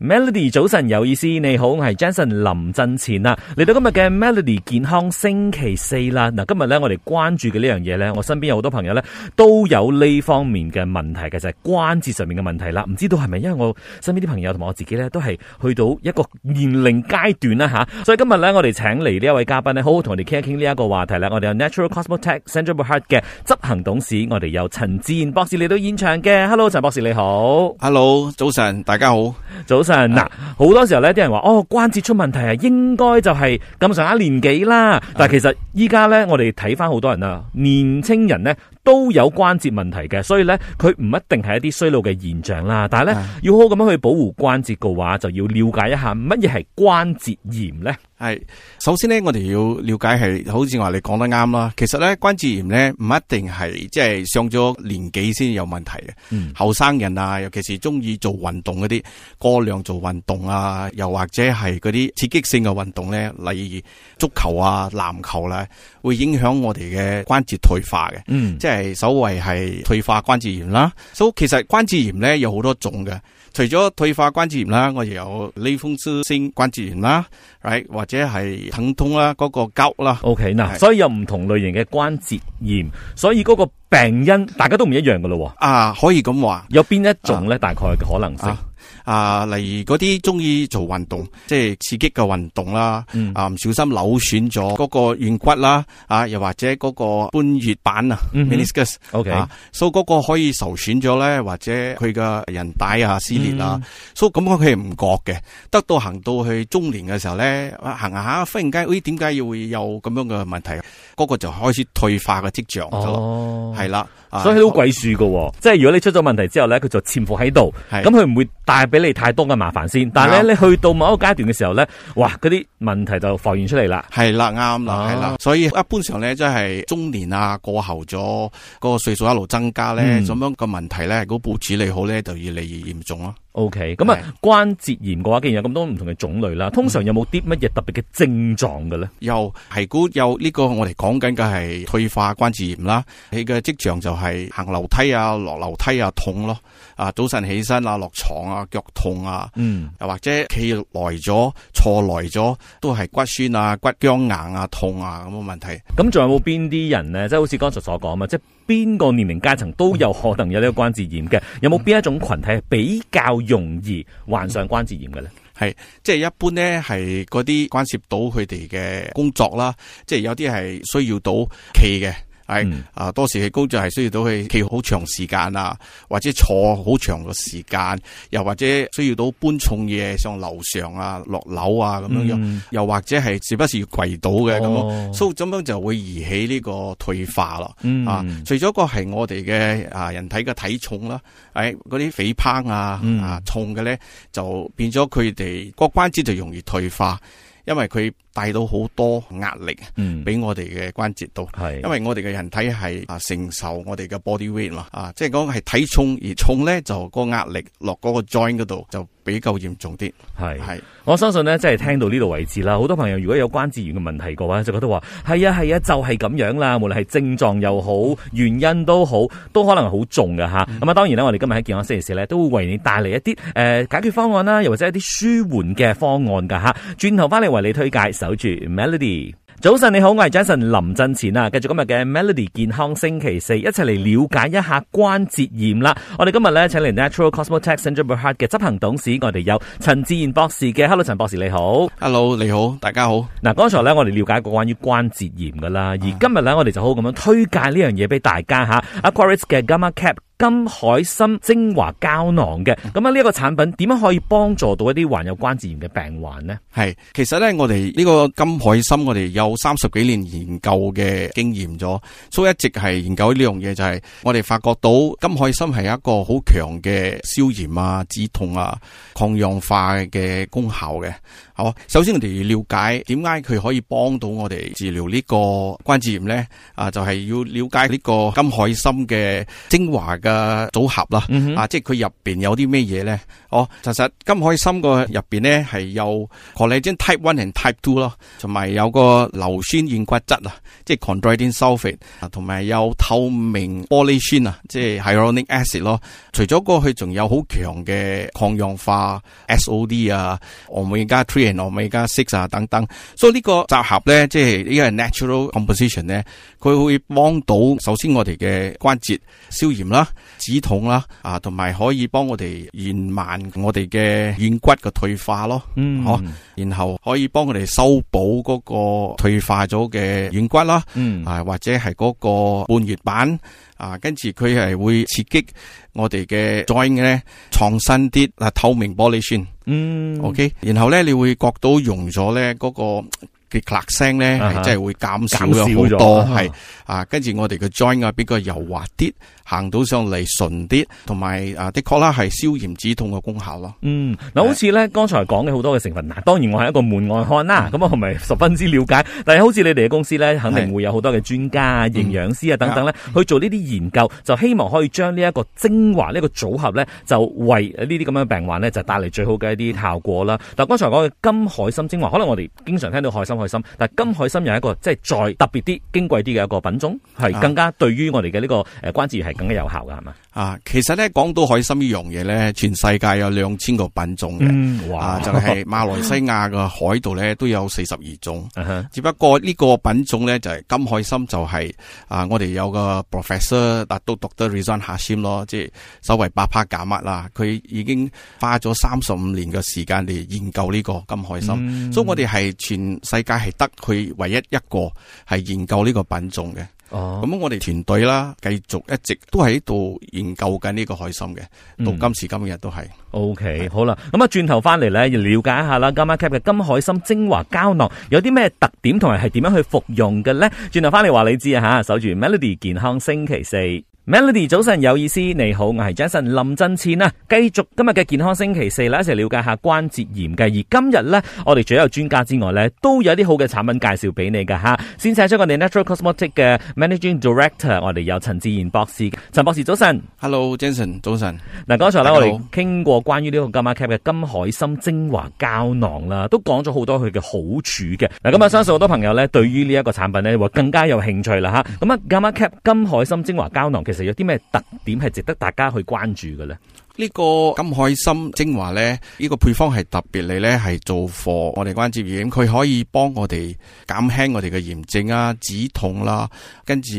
Melody，早晨有意思，你好，我係 Jason 林振前啦。嚟到今日嘅 Melody 健康星期四啦。嗱，今日咧我哋關注嘅呢樣嘢咧，我身邊有好多朋友咧都有呢方面嘅問題嘅，就係關節上面嘅問題啦。唔知道係咪因為我身邊啲朋友同埋我自己咧都係去到一個年齡階段啦吓，所以今日咧我哋請嚟呢一位嘉賓咧，好好同我哋傾一傾呢一個話題啦。我哋有 Natural Cosmetech Central Heart 嘅執行董事，我哋由陳志旋博士嚟到現場嘅。Hello，陳博士你好。Hello，早晨，大家好。早。嗱，好多時候咧，啲人話哦，關節出問題啊，應該就係咁上下年紀啦。但係其實依家咧，我哋睇翻好多人啊，年青人咧。都有關節問題嘅，所以咧，佢唔一定係一啲衰老嘅現象啦。但係咧，要好好咁樣去保護關節嘅話，就要了解一下乜嘢係關節炎咧。係，首先咧，我哋要了解係，好似話你講得啱啦。其實咧，關節炎咧唔一定係即係上咗年紀先有問題嘅。嗯，後生人啊，尤其是中意做運動嗰啲，過量做運動啊，又或者係嗰啲刺激性嘅運動咧，例如足球啊、籃球啦、啊，會影響我哋嘅關節退化嘅。嗯，即係。係所謂係退化關節炎啦，所、so, 以其實關節炎咧有好多種嘅，除咗退化關節炎啦，我哋有類風濕性關節炎啦，right, 或者係疼痛啦，嗰個膠啦，OK 嗱，所以有唔同類型嘅關節炎，所以嗰個病因大家都唔一樣噶咯，啊，可以咁話，有邊一種咧，大概嘅可能性？啊啊啊，例如嗰啲中意做運動，即係刺激嘅運動啦、嗯，啊唔小心扭損咗嗰個軟骨啦、啊又或者嗰個半月板啊、嗯、，meniscus，、okay. 啊，所以嗰個可以受損咗咧，或者佢嘅韌帶啊撕裂啊、嗯，所以咁佢係唔覺嘅，得到行到去中年嘅時候咧，行下忽然間，咦、哎，點解要會有咁樣嘅問題？嗰、那個就開始退化嘅跡象咯，係、哦、啦。 所以好鬼祟噶，即係如果你出咗問題之後咧，佢就潛伏喺度，咁佢唔會帶俾你太多嘅麻煩先。但係咧，你去到某一個階段嘅時候咧，哇，嗰啲問題就浮現出嚟啦。係啦，啱啦，係、啊、啦。所以一般上咧，即、就、係、是、中年啊，過後咗，嗰個歲數一路增加咧，咁、嗯、樣個問題咧，嗰部處理好咧，就越嚟越嚴重咯。O K，咁啊，關節炎嘅話，既然有咁多唔同嘅種類啦，通常有冇啲乜嘢特別嘅症狀嘅咧？又係估有呢個我哋講緊嘅係退化關節炎啦，你嘅跡象就係行樓梯啊、落樓梯啊痛咯，啊早晨起身啊落床啊腳痛啊，嗯，又或者企耐咗、坐耐咗都係骨酸啊、骨僵硬啊、痛啊咁嘅問題。咁仲有冇邊啲人咧？即係好似剛才所講啊嘛，即係。邊個年齡階層都有可能有呢個關節炎嘅？有冇邊一種群體係比較容易患上關節炎嘅咧？係即係一般咧，係嗰啲關涉到佢哋嘅工作啦，即係有啲係需要到企嘅。係、嗯、啊，多時嘅工作就係需要到去企好長時間啊，或者坐好長嘅時間，又或者需要到搬重嘢，上樓上啊、落樓啊咁樣樣、嗯，又或者係時不時要跪倒嘅咁樣，所以咁樣就會引起呢個退化咯、嗯。啊，除咗個係我哋嘅啊人體嘅體重啦，誒嗰啲肥胖啊啊、嗯、重嘅咧，就變咗佢哋個關節就容易退化，因為佢。帶到好多壓力，嗯，俾我哋嘅關節度，係，因為我哋嘅人體係啊承受我哋嘅 body weight 嘛，啊，即係講係體重而重咧就個壓力落嗰個 joint 嗰度就比較嚴重啲，係係，我相信呢，即係聽到呢度為止啦，好多朋友如果有關節炎嘅問題嘅話，就覺得話係啊係啊就係、是、咁樣啦，無論係症狀又好，原因都好，都可能好重噶吓，咁、嗯、啊當然啦，我哋今日喺健康星期室咧都會為你帶嚟一啲誒、呃、解決方案啦，又或者一啲舒緩嘅方案噶吓，轉頭翻嚟為你推介。守住 Melody，早晨你好，我係 Jason。林振前啊，繼續今日嘅 Melody 健康星期四，一齊嚟了解一下關節炎啦。我哋今日咧請嚟 Natural Cosmetech Sdn Bhd 嘅執行董事，我哋有陳志旋博士嘅。Hello，陳博士你好。Hello，你好，大家好。嗱，剛才咧我哋了解過關於關節炎噶啦，而今日咧我哋就好咁樣推介呢樣嘢俾大家吓。AkuaRiz 嘅 Gamma Cap。金海參精華膠囊嘅，咁啊呢一個產品點樣可以幫助到一啲患有關節炎嘅病患呢？係，其實咧我哋呢個金海參，我哋有三十幾年研究嘅經驗咗，所以一直係研究呢樣嘢，就係我哋發覺到金海參係一個好強嘅消炎啊、止痛啊、抗氧化嘅功效嘅。好，首先我哋、就是、要了解點解佢可以幫到我哋治療呢個關節炎咧？啊，就係要了解呢個金海參嘅精華。嘅組合啦，啊，即係佢入面有啲咩嘢咧？哦，其實金海心個入面咧係有 collagen type one and type two 咯，同埋有個硫酸軟骨質啊，即係 chondroitin sulfate 啊，同埋有透明玻璃酸啊，即係 hyaluronic acid 咯。除咗過去仲有好強嘅抗氧化 SOD 啊 Omega three 和 Omega six 啊，等等。所以呢個集合咧，即係呢個 natural composition 咧，佢會幫到首先我哋嘅關節消炎啦。止痛啦，啊，同埋可以幫我哋延慢我哋嘅軟骨嘅退化咯，嗯，哦，然後可以幫我哋修補嗰個退化咗嘅軟骨啦，嗯，啊，或者係嗰個半月板，啊，跟住佢係會刺激我哋嘅 joint 咧，創新啲啊透明玻璃酸，嗯，OK，然後咧你會覺到溶咗咧嗰個。嘅喇聲咧，即、啊、真係會減少咗好多，啊，跟住我哋嘅 join 啊，比較柔滑啲，行、啊、到上嚟順啲，同埋啊，的確啦，係消炎止痛嘅功效咯。嗯，嗱，好似咧，剛才講嘅好多嘅成分，嗱，當然我係一個門外漢啦，咁、嗯、啊，唔係十分之了解。嗯、但係好似你哋嘅公司咧，肯定會有好多嘅專家啊、營養師啊等等咧、嗯，去做呢啲研究，就希望可以將呢一個精華呢個組合咧，就為呢啲咁樣病患咧，就帶嚟最好嘅一啲效果啦。嗱、嗯，剛才講嘅金海蔘精華，可能我哋經常聽到海蔘。心，但金海參又係一個即係再特別啲、矜貴啲嘅一個品種，係更加對於我哋嘅呢個誒關節係更加有效噶，係嘛？啊，其實咧講到海參呢樣嘢咧，全世界有兩千個品種嘅、嗯，啊，就係、是、馬來西亞嘅海度咧都有四十二種， 只不過呢個品種咧就係、是、金海參、就是，就係啊，我哋有個 professor，但都讀得 research 下先咯，即係所謂八帕假物啦，佢已經花咗三十五年嘅時間嚟研究呢個金海參、嗯，所以我哋係全世界。係得佢唯一一個係研究呢個品種嘅，咁、oh. 我哋團隊啦，繼續一直都喺度研究緊呢個海參嘅，到、mm. 今時今日都係。OK，好啦，咁啊轉頭翻嚟咧，要了解一下啦，今晚 Keep 嘅金海參精華膠囊有啲咩特點同埋係點樣去服用嘅咧？轉頭翻嚟話你知啊吓，守住 Melody 健康星期四。Melody，早晨有意思，你好，我係 Jason 林真千啦。繼續今日嘅健康星期四，一齊了解下關節炎嘅。而今日咧，我哋除咗有專家之外咧，都有一啲好嘅產品介紹俾你嘅吓。先請出我哋 Natural Cosmotic 嘅 Managing Director，我哋有陳志旋博士。陳博士早晨，Hello Jason，早晨。嗱剛才咧，我哋傾過關於呢個金馬 cap 嘅金海參精華膠囊啦，都講咗好多佢嘅好處嘅。嗱，今日相信好多朋友咧，對於呢一個產品咧，會更加有興趣啦吓。咁啊，金馬 cap 金海參精華膠囊嘅。其實其實有啲咩特點係值得大家去關注嘅咧？呢、這個金海心精華咧，呢、這個配方係特別嚟咧，係做貨我哋關節炎，佢可以幫我哋減輕我哋嘅炎症啊，止痛啦，跟住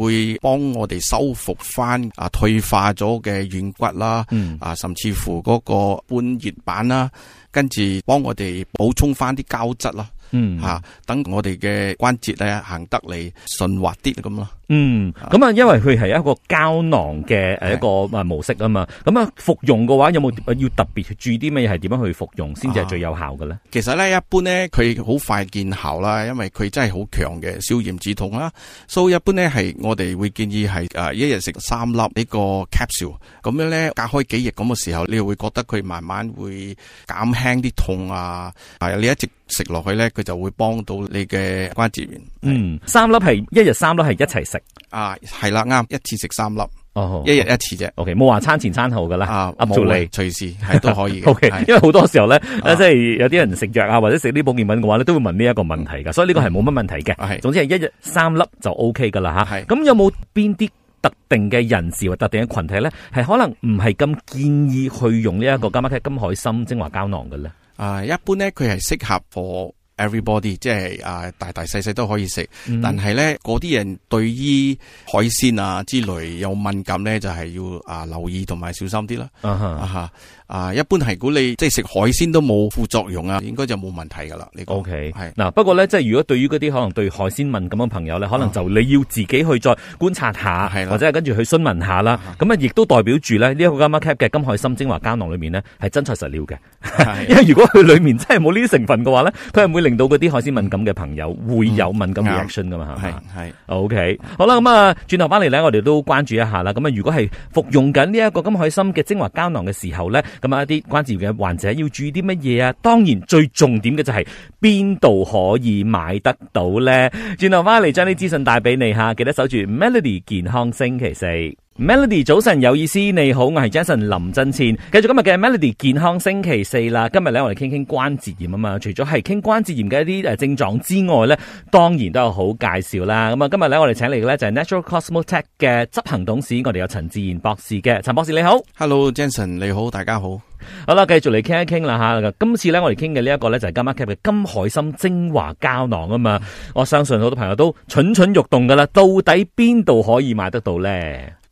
會幫我哋修復翻啊退化咗嘅軟骨啦，嗯啊，甚至乎嗰個半月板啦，跟住幫我哋補充翻啲膠質啦，嗯吓、啊，等我哋嘅關節咧行得嚟順滑啲咁咯。嗯，咁啊，因為佢係一個膠囊嘅，誒一個模式啊嘛，咁啊服用嘅話有冇要特別注意啲咩嘢？係點樣去服用先至係最有效嘅咧？啊，其實咧，一般咧，佢好快見效啦，因為佢真係好強嘅消炎止痛啦，所以一般咧係我哋會建議係誒一日食三粒呢個 capsule，咁樣咧隔開幾日咁嘅時候，你會覺得佢慢慢會減輕啲痛啊，係啊你一直食落去咧，佢就會幫到你嘅關節炎。嗯，三粒係一日三粒係一齊食。啊，係啦，啱，一次食三粒，哦，一日一次啫。O K，冇話餐前餐後噶啦，啊，冇嚟，隨時係都可以。 o、okay, K，因為好多時候咧、啊，即係有啲人食藥啊，或者食啲保健品嘅話咧，都會問呢一個問題嘅，所以呢個係冇乜問題嘅、嗯。總之係一日三粒就 O K 噶啦吓。係，咁、啊、有冇邊啲特定嘅人士或特定嘅群體咧，係可能唔係咁建議去用呢一個金麥金海參精華膠囊嘅咧？啊，一般咧，佢係適合火。everybody 即係啊大大細細都可以食，但係咧嗰啲人對於海鮮啊之類有敏感咧，就係、是、要啊留意同埋小心啲啦。Uh-huh. 啊一般係估你即係食海鮮都冇副作用啊，應該就冇問題噶啦。你 OK 嗱，Now, 不過咧即係如果對於嗰啲可能對海鮮敏感嘅朋友咧，可能就你要自己去再觀察下，uh-huh. 或者係跟住去詢問下啦。咁啊，亦都代表住咧呢一、這個啱啱 Cap 嘅金海參精華膠囊裏面呢，係真材實料嘅，uh-huh. 因為如果佢裏面真係冇呢啲成分嘅話咧，佢係會令令到嗰啲海鮮敏感嘅朋友會有敏感嘅 action 噶嘛？係、嗯、係 OK 好啦，咁啊轉頭翻嚟咧，我哋都關注一下啦。咁啊，如果係服用緊呢一個金海參嘅精華膠囊嘅時候咧，咁啊一啲關節嘅患者，要注意啲乜嘢啊？當然最重點嘅就係邊度可以買得到咧。轉頭翻嚟，將啲資訊帶俾你吓，記得守住 Melody 健康星期四。Melody，早晨有意思，你好，我係 Jason 林振倩。繼續今日嘅 Melody 健康星期四啦。今日咧我哋傾傾關節炎啊嘛，除咗係傾關節炎嘅一啲誒症狀之外咧，當然都有好介紹啦。咁啊，今日咧我哋請嚟嘅咧就係 Natural Cosmotech 嘅執行董事，我哋有陳志旋博士嘅陳博士，你好。Hello，Jason，你好，大家好。好啦，繼續嚟傾一傾啦吓。今次咧我哋傾嘅呢一個咧就係今晚吸嘅金海參精華膠囊啊嘛。我相信好多朋友都蠢蠢欲動噶啦，到底邊度可以買得到咧？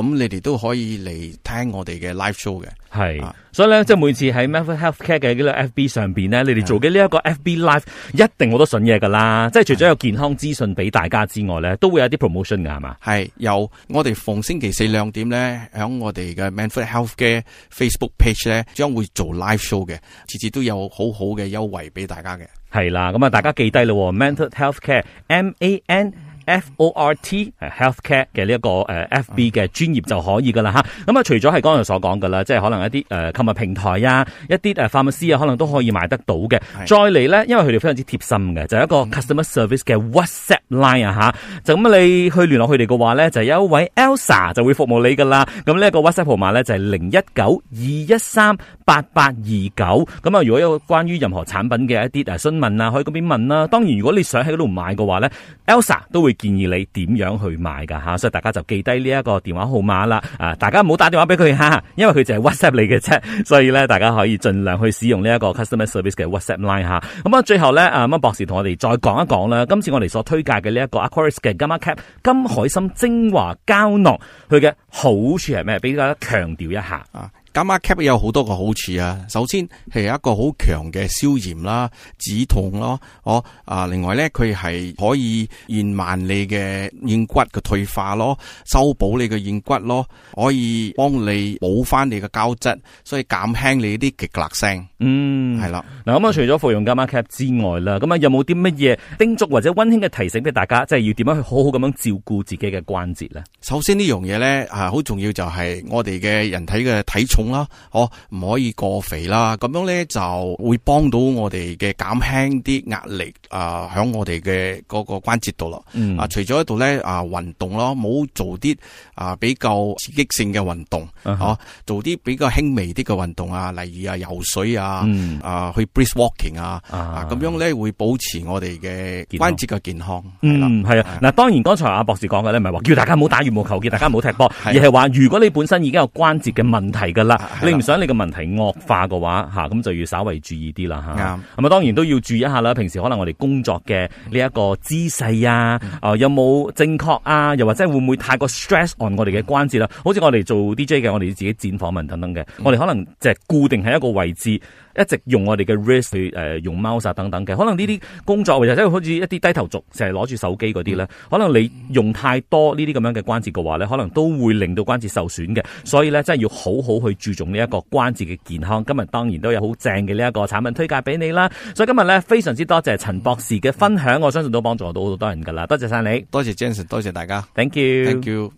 咁你哋都可以嚟聽我哋嘅 live show 嘅，係、啊，所以咧即係每次喺 man health care 嘅呢個 FB 上邊咧，你哋做嘅呢一個 FB live 的一定好多信嘢噶啦，即係除咗有健康資訊俾大家之外咧，都會有啲 promotion 嘅係嘛？係有，是由我哋逢星期四兩點咧，響我哋嘅 man health care Facebook page 咧，將會做 live show 嘅，次次都有好好嘅優惠俾大家嘅，係啦，咁啊大家記低咯 man health care M A N。Fort Health Care 嘅呢一個誒 F B 嘅專業就可以噶啦吓，咁啊、嗯、除咗係剛才所講噶啦，即係可能一啲誒購物平台啊，一啲誒 pharmacy 啊，可能都可以買得到嘅。再嚟咧，因為佢哋非常之貼心嘅，就是、一個 customer service 嘅 WhatsApp line 啊吓，就咁你去聯絡佢哋嘅話咧，就有一位 Elsa 就會服務你噶啦。咁呢個 WhatsApp 號碼咧就係零一九二一三八八二九。咁啊，如果有關於任何產品嘅一啲誒詢問啊，可以嗰邊問啦、啊。當然，如果你想喺嗰度買嘅話咧，Elsa 都會。建議你點樣去買噶吓，所以大家就記低呢一個電話號碼啦。啊，大家唔好打電話俾佢吓，因為佢就係 WhatsApp 你嘅啫，所以咧大家可以盡量去使用呢一個 customer service 嘅 WhatsApp line 吓。咁啊，最後咧，博士同我哋再講一講啦，今次我哋所推介嘅呢一個 AkuaRiz 嘅 Gamma Cap 金海參精華膠囊，佢嘅好處係咩？俾大家強調一下啊。咁阿 cap 有好多個好處啊！首先係一個好強嘅消炎啦、止痛咯，我啊，啊另外咧，佢係可以延慢你嘅軟骨嘅退化咯，修補你嘅軟骨咯，可以幫你補翻你嘅膠質，所以減輕你啲極辣聲。嗯，係啦。嗱咁啊，除咗服用夾 m a p k 之外啦，咁啊有冇啲乜嘢叮囑或者溫馨嘅提醒俾大家，即、就、係、是、要點樣去好好咁樣照顧自己嘅關節咧？首先呢樣嘢咧啊，好重要就係我哋嘅人體嘅體重。啦，哦，唔可以過肥啦，咁樣咧就會幫到我哋嘅減輕啲壓力啊，響我哋嘅嗰個關節度咯。啊、嗯，除咗喺度咧啊，運動咯，冇做啲啊比較刺激性嘅運動，哦、啊，做啲比較輕微啲嘅運動啊，例如啊游水啊，啊、嗯、去 brisk walking 啊，咁樣咧會保持我哋嘅關節嘅健，健康。嗯，係啊，嗱，當然剛才阿博士講嘅咧，唔係話叫大家唔好打羽毛球，叫 大家唔好踢波， 而係話如果你本身已經有關節嘅問題嘅。嗱，你唔想你嘅問題惡化嘅話吓，咁就要稍微注意啲啦，吓，咁啊，當然都要注意一下啦。平時可能我哋工作嘅呢一個姿勢啊，啊、呃、有冇正確啊，又或者會唔會太過 stress on 我哋嘅關節啦、啊？好似我哋做 DJ 嘅，我哋自己剪訪問等等嘅，我哋可能就係固定喺一個位置，一直用我哋嘅 risk 去誒、呃、用 mouse 啊等等嘅，可能呢啲工作或者好似一啲低頭族，成日攞住手機嗰啲咧，可能你用太多呢啲咁樣嘅關節嘅話咧，可能都會令到關節受損嘅。所以咧，真係要好好去。注重呢一個關節嘅健康，今日當然都有好正嘅呢一個產品推介俾你啦。所以今日呢，非常之多謝陳博士嘅分享，我相信都幫助到好多人噶啦。多謝晒你，多謝 Jensen，多謝大家，Thank you，Thank you。You.